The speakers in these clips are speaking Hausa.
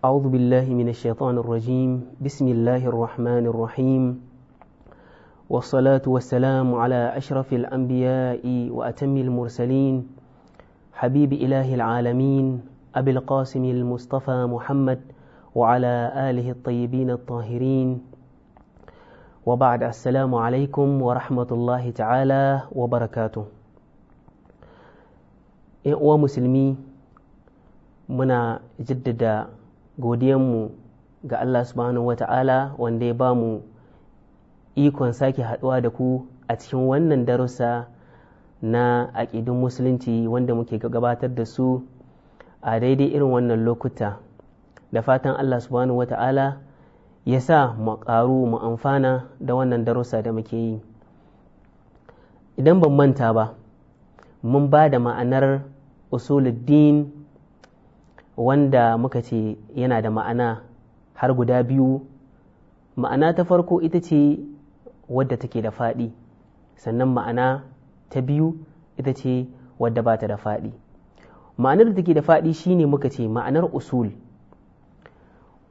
أعوذ بالله من الشيطان الرجيم بسم الله الرحمن الرحيم والصلاة والسلام على أشرف الأنبياء وأتم المرسلين حبيب إله العالمين أبي القاسم المصطفى محمد وعلى آله الطيبين الطاهرين وبعد السلام عليكم ورحمة الله تعالى وبركاته إيه مسلمي منا جدد godiyanmu ga Allah subhanahu wa ta'ala wanda ya ba mu ikon sake haɗuwa da ku a cikin wannan darussa na aƙidun musulunci wanda muke gabatar da su a daidai irin wannan lokuta da fatan Allah subhanahu wa ta'ala ya sa mu ƙaru mu amfana da wannan darussa da muke yi idan ban manta ba mun ba da ma'anar usuluddin wanda muka ce yana da ma'ana har guda biyu ma'ana ta farko ita ce wadda take da faɗi sannan ma'ana ta biyu ita ce wadda ba ta da faɗi ma'anar da take da faɗi shine muka ce ma'anar usul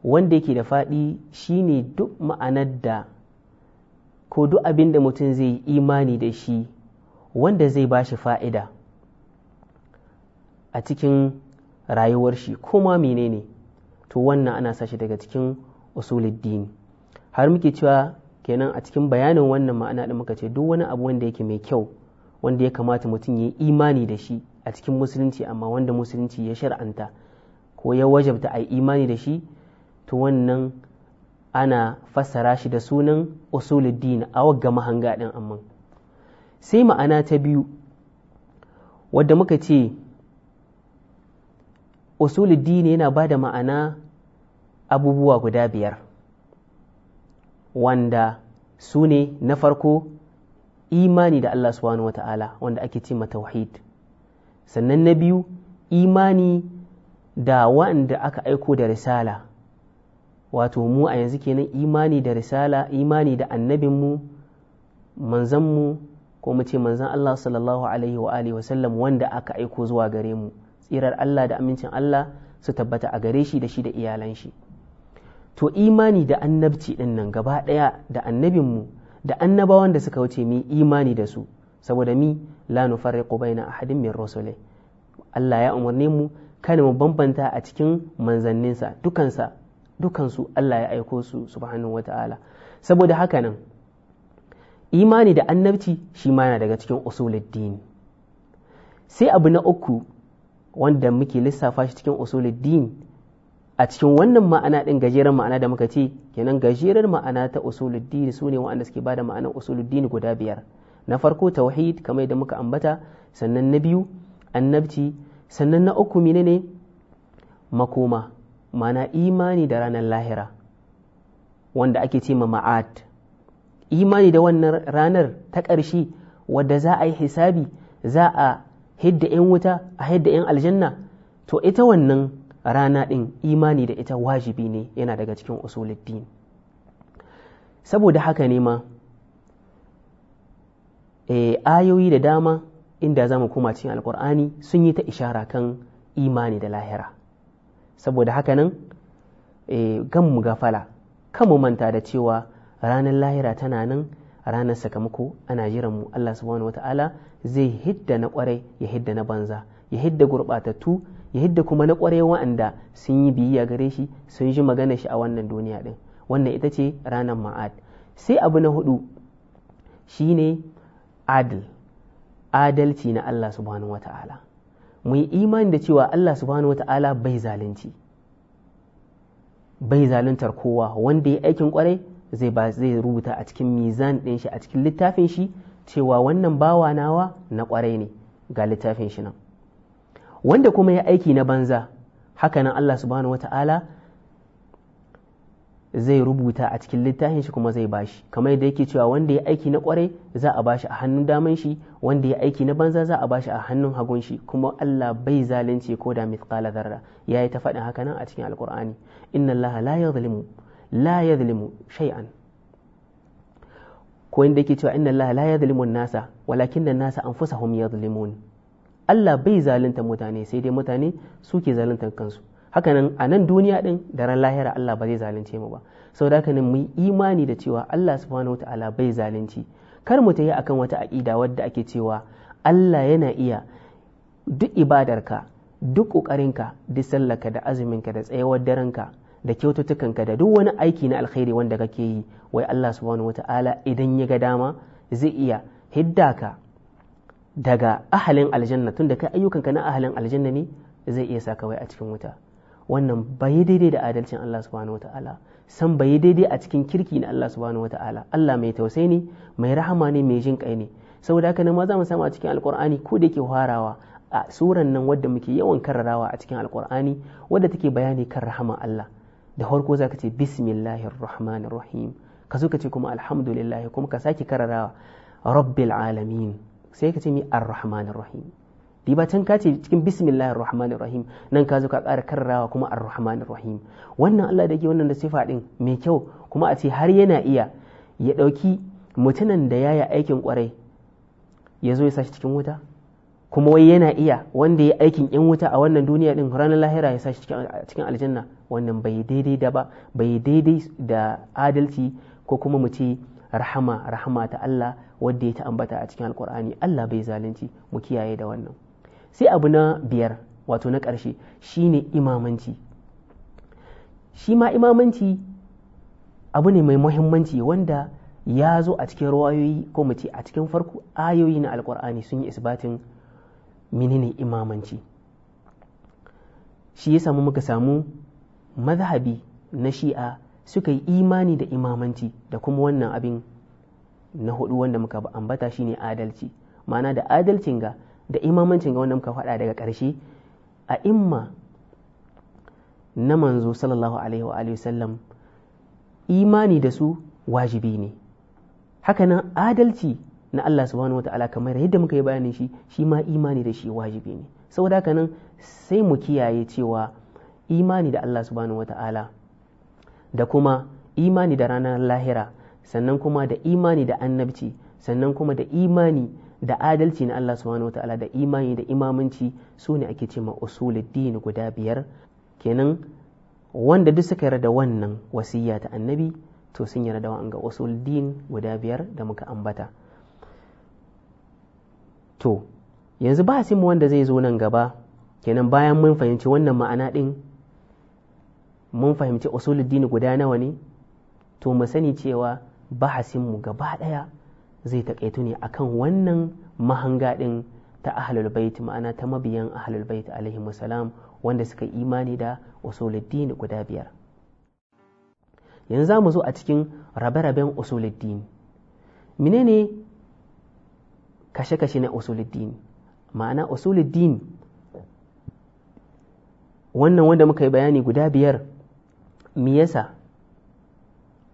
wanda yake da faɗi shine duk ma'anar da ko duk abin da mutum zai imani da shi wanda zai ba shi fa'ida a cikin rayuwar shi koma menene to wannan ana sashi daga cikin usuluddin har muke cewa kenan a cikin bayanin wannan ma'ana da muka ce duk wani abu wanda yake mai kyau wanda ya kamata mutum ya yi imani da shi a cikin musulunci amma wanda musulunci ya shar'anta ko ya wajabta a yi imani da shi to wannan ana fassara shi da sunan usuluddin a wagga mahanga ɗin amma sai ma'ana ta biyu wadda muka ce usuluddini yana ba da ma'ana abubuwa guda biyar wanda su ne na farko imani da Allah subhanahu wa ta'ala wanda ake ce tauhid sannan na biyu imani da wanda aka aiko da risala wato mu a yanzu kenan imani da risala imani da annabinmu manzanmu ko mu ce manzan Allah sallallahu alaihi wa alihi wanda aka aiko zuwa gare mu tsirar Allah da amincin Allah su tabbata a gare shi da shi da iyalan shi to imani da annabci din nan gaba ɗaya da annabinmu da annabawan da suka wuce mu imani da su saboda mi la nufarriqu baina ahadin min rusuli Allah ya umarne mu kada mu bambanta a cikin manzanninsa dukansa dukansu Allah ya aiko su subhanahu wata'ala saboda haka nan imani da annabci shi ma yana daga cikin usuluddin sai abu na uku wanda muke lissafa shi cikin din, a cikin wannan ma'ana ɗin gajeren ma'ana da muka ce kenan gajeren ma'ana ta usulul su ne wanda suke bada ma'anar din guda biyar na farko tauhid kamar yadda muka ambata sannan na biyu annabci sannan na uku menene makoma ma'ana imani da ranar lahira wanda ake ce ma ma'ad imani da wannan ranar ta ƙarshe wadda za a yi hisabi za a hidda 'yan wuta a hidda 'yan aljanna to ita wannan rana ɗin imani da ita wajibi ne yana daga cikin usuluddin saboda haka ne ma eh, ayoyi da dama inda za mu koma cikin alkur'ani sun yi ta ishara kan imani da lahira saboda haka nan eh, gan mu gafala kan mu manta da cewa ranar lahira tana nan ranar sakamako ana jiran mu Allah subhanahu wata'ala zai hidda na kwarai ya hidda na banza ya hidda gurbatattu ya hidda kuma na kwarai wa'anda sun yi biyayya gare shi sun ji magana shi a wannan duniya din wannan ita ce ranar ma'ad sai abu na hudu shine adil adalci na Allah subhanahu wata'ala mu yi imani da cewa Allah subhanahu wata'ala bai zalunci bai zaluntar kowa wanda ya aikin kwarai zai rubuta a cikin mizan ɗin shi a cikin littafin shi cewa wannan bawa nawa na kwarai ne ga littafin shi nan wanda kuma ya aiki na banza hakanan Allah subhanahu wata'ala zai rubuta a cikin littafin shi kuma zai bashi kamar yadda yake cewa wanda ya aiki na kwarai za a bashi a hannun daman shi wanda ya aiki na banza za a bashi a hannun hagun shi kuma Allah bai zalunci ko da mithqala dharra yayi ta faɗin hakanan a cikin alqur'ani inna Allah la yadhlimu la yadhlimu shay'an ko inda yake cewa inna Allah la yadhlimu nasa walakin da an-nasa anfusahum yadhlimun Allah bai zalunta mutane sai dai mutane suke zaluntar kansu hakanan a nan duniya din da ran lahira Allah ba zai zalunce mu ba saboda haka ne mu yi imani da cewa Allah subhanahu wataala bai zalunci kar mu tayi akan wata aqida wadda ake cewa Allah yana iya duk ibadarka duk ƙoƙarinka duk sallarka da azuminka da tsayawar daren ka da kyaututtukanka da duk wani aiki na alkhairi wanda kake yi wai Allah subhanahu wata'ala idan ya ga dama zai iya hidda ka daga ahalin aljanna tunda kai ayyukanka na ahalin aljanna ne zai iya saka wai a cikin wuta wannan bai daidai da adalcin Allah subhanahu wata'ala san bai daidai a cikin kirki na Allah subhanahu wata'ala Allah mai tausayi ne mai rahama ne mai jin kai ne saboda haka nan ma za mu samu a cikin alkur'ani ko da yake harawa a suran nan wadda muke yawan kararawa a cikin alkur'ani wadda take bayani kan rahama Allah da harko za ka ce bismillahir rahmanir rahim ka zo ka ce kuma alhamdulillah kuma ka sake kararawa rabbil alamin sai ka ce mi arrahmanir rahim di ba can ka ce cikin bismillahir rahmanir rahim nan ka zo ka ƙara kararawa kuma arrahmanir rahim wannan Allah da yake wannan da sifa din mai kyau kuma a ce har yana iya ya ɗauki mutumin da yaya aikin kwarai ya zo ya sashi cikin wuta kuma wai yana iya wanda ya aikin yan wuta a wannan duniya din ranar lahira ya sa sashi cikin aljanna wannan bai daidai da ba bai daidai da adalci ko kuma mu ce rahama rahama ta Allah wadda ya ta ambata a cikin alkur'ani Allah bai zalunci mu kiyaye da wannan sai abu na biyar wato na ƙarshe shine imamanci shi ma imamanci abu ne mai muhimmanci wanda ya zo a cikin ruwayoyi ko mu ce a cikin farko ayoyi na alkur'ani sun yi isbatin menene imamanci shi ya samu muka samu mazhabi na shi'a suka yi imani da imamanci da kuma wannan abin na hudu wanda muka ambata shine adalci ma'ana da adalcin ga da imamancin ga wanda muka faɗa daga ƙarshe a imma na manzo sallallahu alaihi wa sallam imani da su wajibi ne hakanan adalci na Allah subhanahu ta'ala kamar yadda muka yi bayanin shi shi ma imani da shi wajibi ne saboda haka nan sai mu kiyaye cewa imani da Allah subhanahu ta'ala da kuma imani da ranar lahira sannan kuma da imani da annabci sannan kuma da imani da adalci na Allah subhanahu ta'ala da imani da imamanci su ne ake ce ma usuluddin guda biyar kenan wanda duk suka yarda wannan wasiya ta annabi to sun yarda wa an ga usuluddin guda biyar da muka ambata to yanzu ba mu wanda zai zo nan gaba kenan bayan mun fahimci wannan ma'ana ɗin mun fahimci usuluddini guda nawa ne to mu sani cewa bahasinmu gaba ɗaya zai taƙaito ne akan wannan mahanga ɗin ta ahlul bait ma'ana ta mabiyan ahlul bait alaihi salam wanda suka imani da usuluddini guda biyar yanzu za mu zo a cikin rabe-raben usuluddini menene kashe-kashe na usuluddin ma'ana usuluddin wannan wanda muka yi bayani guda biyar me yasa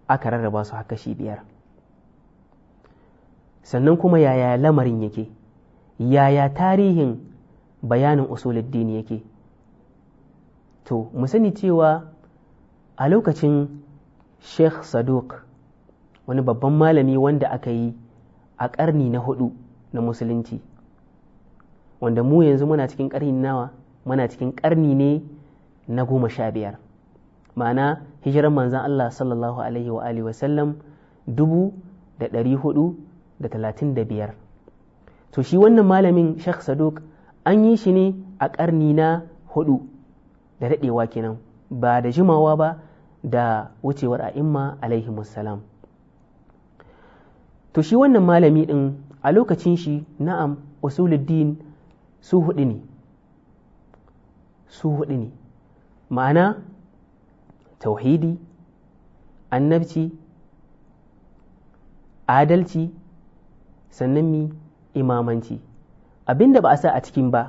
aka rarraba su haka shi biyar sannan kuma yaya lamarin yake yaya tarihin bayanin usuluddin yake to mu sani cewa a lokacin sheikh saduk wani babban malami wanda aka yi a ƙarni na hudu na musulunci wanda mu yanzu muna cikin ƙarni nawa muna cikin ƙarni ne na goma sha biyar ma'ana hijirar manzan Allah sallallahu alaihi wa alihi wasallam dubu da ɗari hudu da talatin da biyar to shi wannan malamin shak Saduk an yi shi ne a ƙarni na hudu da daɗewa kenan ba da jimawa ba da wucewar a'imma alaihi salam to shi wannan malami ɗin a lokacin shi na'am usuluddin su hudu ne su hudu ne ma'ana tauhidi annabci adalci sannan mi imamanci abinda ba a sa a cikin ba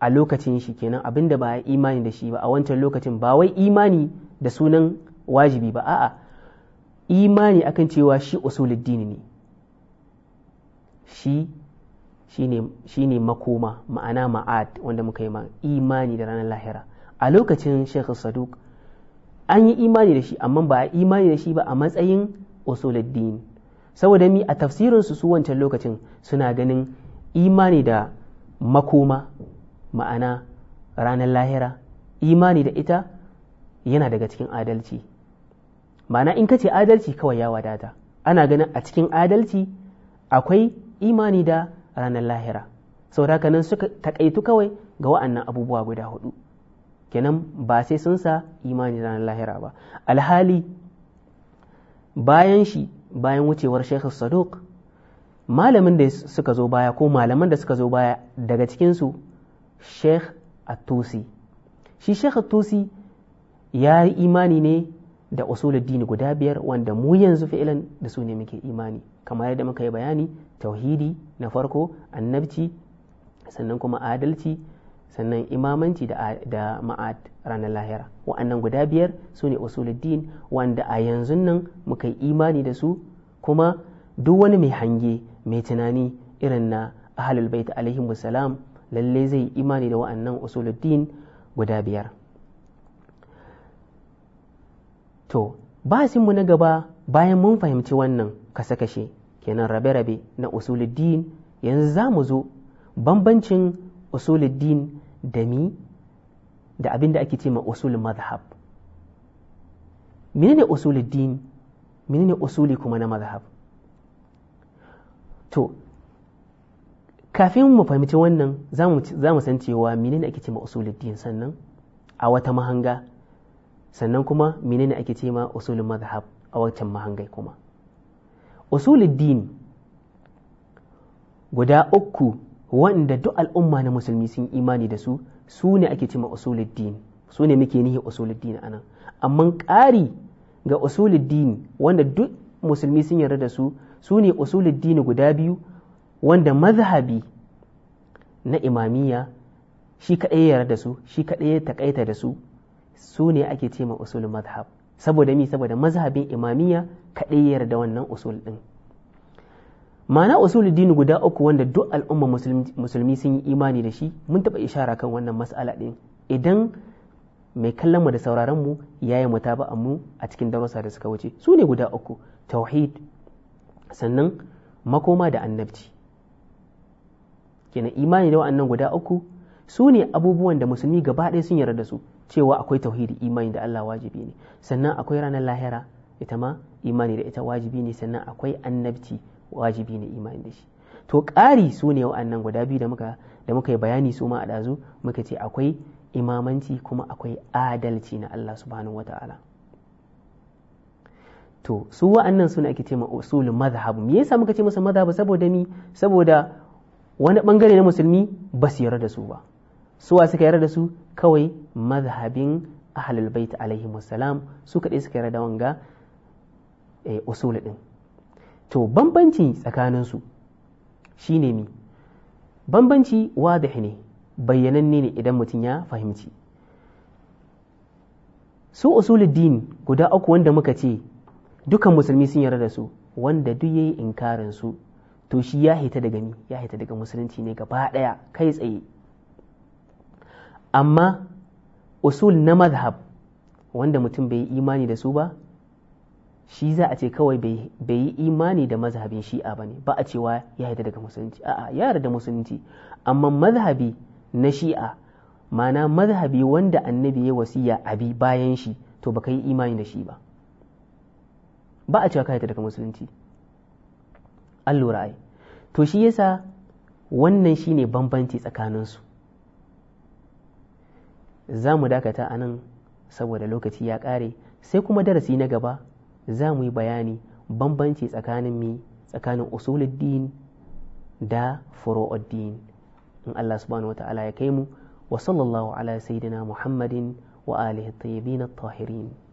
a lokacin shi kenan abinda ba a imani da shi ba a wancan lokacin ba wai imani da sunan wajibi ba a'a imani akan cewa shi usuluddin ne shi shi ne makoma ma'ana ma'ad wanda muka yi ma imani da ranar lahira a lokacin shekhu saduk an yi imani da shi amma ba a imani da shi ba a matsayin usuluddin saboda mi a tafsirinsu su wancan lokacin suna ganin imani da makoma ma'ana ranar lahira imani da ita yana daga cikin adalci ma'ana in ka ce adalci kawai ya wadata ana ganin a cikin adalci akwai imani da ranar lahira sau haka nan suka takaitu kawai ga wa'annan abubuwa guda hudu kenan ba sai sun sa imani ranar lahira ba alhali bayan shi bayan wucewar shekhar saduk malamin da suka zo baya ko malaman da suka zo baya daga cikinsu sheikh atusi shi sheikh atusi ya yi imani ne da usuluddin guda biyar wanda mu yanzu fi'ilan da su ne muke imani kamar yadda muka yi bayani tauhidi na farko annabci sannan kuma adalci sannan imamanci da ma'ad ranar lahira wa'annan guda biyar su ne usuluddin wanda a yanzu nan muka yi imani da su kuma duk wani mai hange mai tunani irin na ahalul bait alaihi salam lalle zai imani da wa'annan usuluddin guda biyar to ba mu na gaba bayan mun fahimci wannan kasakashe kashe kenan rabe-rabe na usuluddin yanzu za mu zo bambancin usuluddin da mi da abin da ake ce ma usul mazhab menene usuluddin menene usuli kuma na mazhab to kafin mu fahimci wannan za mu san cewa menene ake ce ma usuluddin sannan a wata mahanga sannan kuma menene ake ce ma usulul mazhab a wancan mahangai kuma usulul din guda uku wanda duk al'umma na musulmi sun imani da su su ne ake ce ma usulul din su ne muke nihi usulul din anan amma ƙari ga usulul din wanda duk musulmi sun yarda da su su ne usulul din guda biyu wanda mazhabi na imamiyya shi kaɗai yarda da su shi kaɗai ya taƙaita da su su ne ake ce ma usul mazhab saboda mi saboda mazhabin imamiyya kaɗai yarda wannan usul ɗin ma'ana usul dini guda uku wanda duk al'umma musulmi sun yi imani da shi mun taɓa ishara kan wannan mas'ala ɗin idan mai kallon mu da sauraron mu yayi mutaba'an mu a cikin darussa da suka wuce su ne guda uku tauhid sannan makoma da annabci kenan imani da wa'annan guda uku su ne abubuwan da musulmi gaba ɗaya sun yarda da su cewa akwai tauhidi imani da Allah wajibi ne sannan akwai ranar lahira ita ma imani da ita wajibi ne sannan akwai annabci wajibi ne imani da shi to ƙari su ne wa'annan guda biyu da muka muka yi bayani su ma a ɗazu muka ce akwai imamanci kuma akwai adalci na Allah subhanahu wata'ala to su wa'annan suna ake ce ma usulul madhhab me yasa muka ce masa madhhab saboda mi saboda wani bangare na musulmi ba su yarda da su ba suwa suka yarda da su kawai mazhabin ahlul bait alaihi wasalam su kaɗai suka yarda wanga eh, usul din to bambanci tsakanin su shine mi bambanci wadahi ne bayyananne ne idan mutum ya fahimci su usuluddin guda uku wanda muka ce dukan musulmi sun yarda da su wanda duk yayi inkarin su to shi ya hita daga ni ya hita daga musulunci ne gaba daya kai tsaye amma usul na madhab wanda mutum bai yi imani da su ba shi za a ce kawai bai yi imani da mazhabin shi'a ba ne ba a cewa ya yarda daga musulunci a'a ya da musulunci amma mazhabi na shi'a mana mazhabi wanda annabi ya wasiya abi bayan shi to baka yi imani da shi ba ba a cewa ka yi daga musulunci an lura ai to shi yasa wannan shine bambanci tsakaninsu za mu dakata a nan saboda lokaci ya ƙare sai kuma darasi na gaba za mu yi bayani bambanci tsakanin mi tsakanin usuluddin da furu'uddin in Allah subhanahu wata'ala ya kai mu wa sallallahu ala sayyidina Muhammadin wa alihi tayyibin at-tahirin